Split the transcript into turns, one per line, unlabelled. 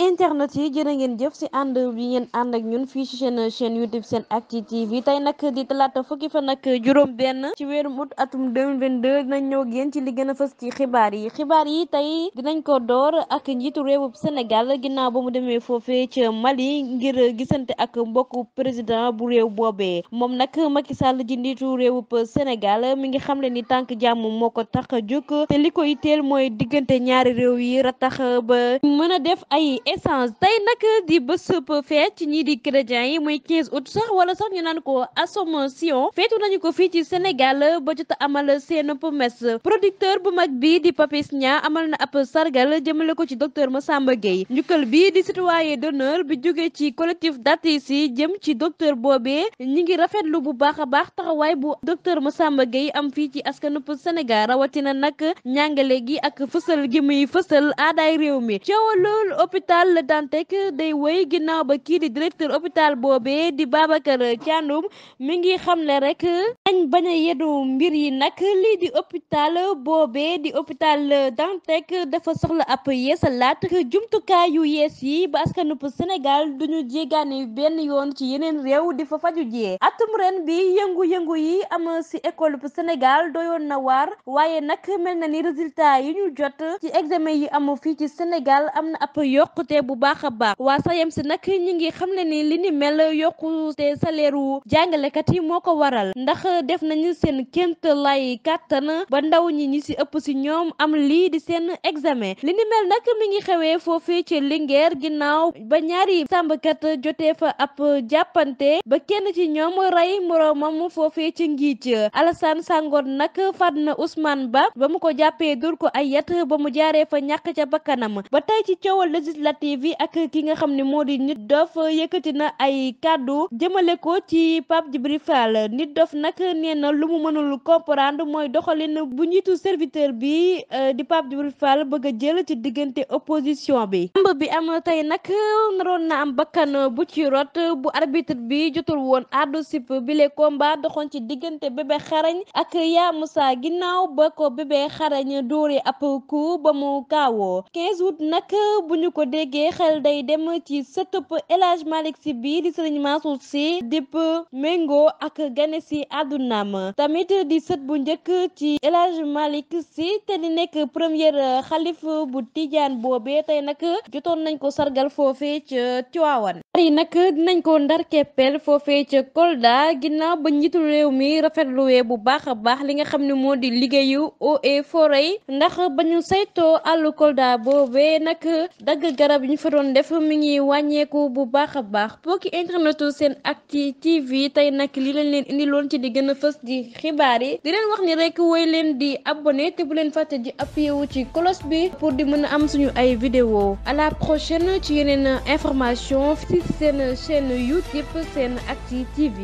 mbokki internet yi jërë ngeen jëf si ànd bi ngeen ànd ak ñun fii si seen chaîne YouTube seen acti TV tey nag di talaata fukki fan ak juróom benn ci weeru août atum 2022 nañ ñëw génn ci li gën a xibaar yi xibaar yi tey dinañ ko door ak njiitu réewub Sénégal ginnaaw ba mu demee foofee ca Mali ngir gisante ak mbokku président bu réew boobee moom nag Macky Sall ji njiitu réewub Sénégal mi ngi xam le ni tànk jàmm moo ko tax a te li koy teel mooy diggante ñaari réew yi ratax ba mën a def ay essence tey nag di bésub feet ci ñii di chrétiens yi muy 15 août sax wala sax ñu naan ko Assomption feetu nañu ko fii ci Sénégal ba jot amal seen messe producteur bu mag bi di Papis Nia amal na ab sargal jëmale ko ci docteur Massamba Gueye njukkal bi di citoyen d'honneur bi jóge ci collectif d'artistes yi jëm ci docteur boobee ñu ngi rafetlu bu baax a baax taxawaay bu docteur Massamba Gueye am fii ci askanub Sénégal rawatina nag ñàngale gi ak fësal gi muy fësal aaday réew mi coow hôpital Le Dantec day wéy ginnaaw ba kii di directeur hôpital boobe di Babacar Thiandoum mi ngi xamle rek nañ bañ a yedu mbir yi nag lii di hôpital boobe di hôpital Le Dantec dafa soxla ab laat jumtukaay yu yees yi ba du ñu duñu jéggaani benn yoon ci yeneen réew di fa faju jee atum ren bi yëngu-yëngu yi am si école bu Sénégal doyoon na waar waaye nag mel na ni résultat yu ñu jot ci examen yi am fii ci senegal am na ab yokk yokkute bu baax a baax waa SAEMS nag ñi ngi xam ne ni li ni mel yokkute salaire wu jàngalekat yi moo ko waral ndax def nañu seen kémt lay kàttan ba ndaw ñi ñi si ëpp si ñoom am lii di seen examen li ni mel nag mi ngi xewee foofii ci Linguère ginnaaw ba ñaari sàmbkat jotee fa ab jàppante ba kenn ci ñoom rey moroomam foofee ci ngiic Alassane Sangor nag faat na Ousmane Ba ba mu ko jàppee dur ko ay ba mu jaaree fa ñàkk ca bakkanam ba tey ci coowal législatif législatives yi ak ki nga xam ne moo di nit dof yëkkati na ay kàddu jëmale ko ci Pape Djibril Fall nit dof nak nee na lu mu mënul comprendre mooy doxalin bu njiitu serviteur bi euh, di Pape Djibril Fall bëgg jël ci diggante opposition bi. am tey nag naroon na am bakkan bu ci rot bu arbitre bi jotul woon àddu sip bile combat doxoon ci diggante bébé xarañ ak yaa Moussa ginnaaw ba ko bébé xarañ dóore ab coup ba mu kaawoo 15 août nag ko dee yeggee xel day dem ci sëtëb El Hadj Malick si bii di sëriñ Mansour si dipp méngoo ak gane si àddunaam tamit di sët bu njëkk ci El Hadj Malick si te di nekk premier xalif bu tijaan boobee tey nag jotoon nañ ko sargal foofee ca Tiwaawan yi nag dinañ ko ndar keppeel foofee ca Kolda ginnaaw ba njiitu réew mi rafetluwee bu baax a baax li nga xam ne moo di liggéeyu eaux et forêts ndax ba ñu saytoo àllu Kolda boobee nag dagg garab yi ñu fa doon def mi ngi wàññeeku bu baax a baax bokki internetu seen ak acti tv tey nag li leen leen indiloon ci di gën fës di xibaar yi di leen wax ni rek woy leen di abonné te bu leen fàtte di appuyé wu ci cloche bi pour di mën a am suñu ay vidéo à la prochaine ci yeneen information ci seen chaîne youtube seen ci tv